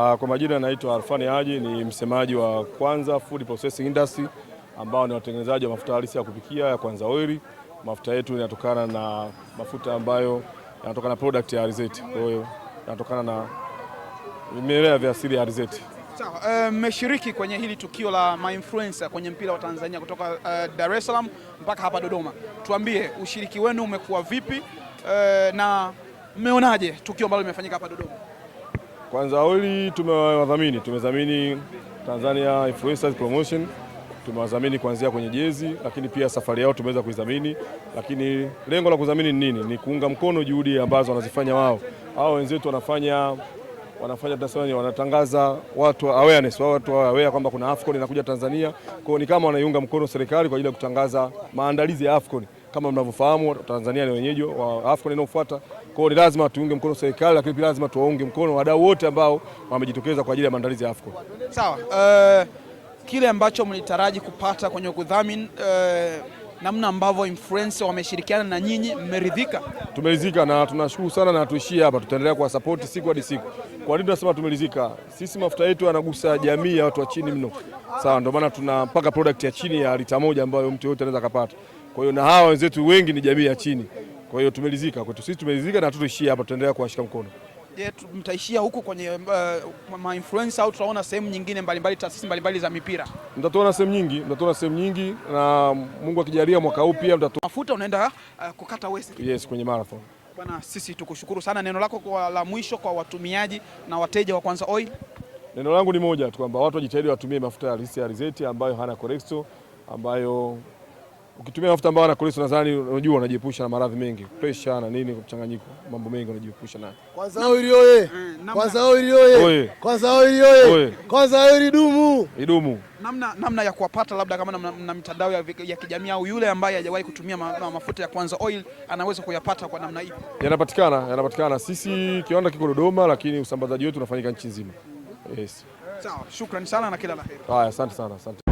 Ah, kwa majina anaitwa Arfani Haji, ni msemaji wa Kwanza Food Processing Industry ambao ni watengenezaji wa mafuta halisi ya kupikia ya Kwanza Oil. Mafuta yetu yanatokana na mafuta ambayo yanatokana na product ya alizeti, kwa hiyo yanatokana na vimelea vya asili ya alizeti. Sawa, eh, mmeshiriki uh, kwenye hili tukio la influencer kwenye mpira wa Tanzania kutoka uh, Dar es Salaam mpaka hapa Dodoma. Tuambie ushiriki wenu umekuwa vipi, uh, na mmeonaje tukio ambalo limefanyika hapa Dodoma? Kwanza awali tumewadhamini, tumedhamini Tanzania Influencers Promotion, tumewadhamini kuanzia kwenye jezi, lakini pia safari yao tumeweza kuidhamini. Lakini lengo la kudhamini ni nini? Ni kuunga mkono juhudi ambazo wanazifanya wao. Hao wenzetu wanafanya wanafanya tunasema wanatangaza watu awareness, wao watu aware kwamba kuna Afcon inakuja Tanzania. Kwa hiyo ni kama wanaiunga mkono serikali kwa ajili ya kutangaza maandalizi ya Afcon. Kama mnavyofahamu Tanzania ni wenyeji wa AFCON inayofuata, kwa hiyo ni lazima tuunge mkono serikali, lakini pia lazima tuwaunge mkono wadau wote ambao wamejitokeza kwa ajili ya maandalizi ya AFCON. Sawa, uh, kile ambacho mlitaraji kupata kwenye kudhamini uh namna ambavyo influencer wameshirikiana na nyinyi, mmeridhika? Tumeridhika na tunashukuru sana, na tuishie hapa, tutaendelea kwa support siku hadi siku. Kwa nini tunasema tumeridhika? Sisi mafuta yetu yanagusa jamii ya watu wa chini mno, sawa. Ndio maana tuna mpaka product ya chini ya lita moja ambayo mtu yote anaweza kupata. Kwa hiyo na hawa wenzetu wengi ni jamii ya chini, kwa hiyo tumeridhika kwetu sisi, tumeridhika na tutuishie hapa, tutaendelea kuwashika mkono. Je, mtaishia huku kwenye uh, ma influencer au tutaona sehemu nyingine mbalimbali, taasisi mbalimbali za mipira? Mtatuona sehemu nyingi, mtatuona sehemu nyingi, na Mungu akijalia mwaka huu pia mtatuona. Mafuta unaenda uh, kukata waste. Yes, kwenye marathon. Bwana, sisi tukushukuru sana. Neno lako kwa la mwisho kwa watumiaji na wateja wa Kwanza Oil? Neno langu ni moja tu kwamba watu wajitahidi watumie mafuta halisi ya alizeti ambayo hana Corexo ambayo ukitumia mafuta ambayo yanakolisi, nadhani unajua, unajiepusha na maradhi mengi, pressure na nini, mchanganyiko, mambo mengi unajiepusha nayo. Kwanza oil eh, oye, kwanza oil oye, kwanza oil oye, kwanza oil dumu, idumu. Namna, namna ya kuwapata labda kama na, na mitandao ya, ya kijamii au yule ambaye hajawahi kutumia ma, ma, mafuta ya Kwanza Oil anaweza kuyapata kwa namna ipi? Yanapatikana, yanapatikana. Sisi kiwanda kiko Dodoma, lakini usambazaji wetu unafanyika nchi nzima. Yes. Sawa, shukrani sana na kila la heri. Haya, asante sana, asante.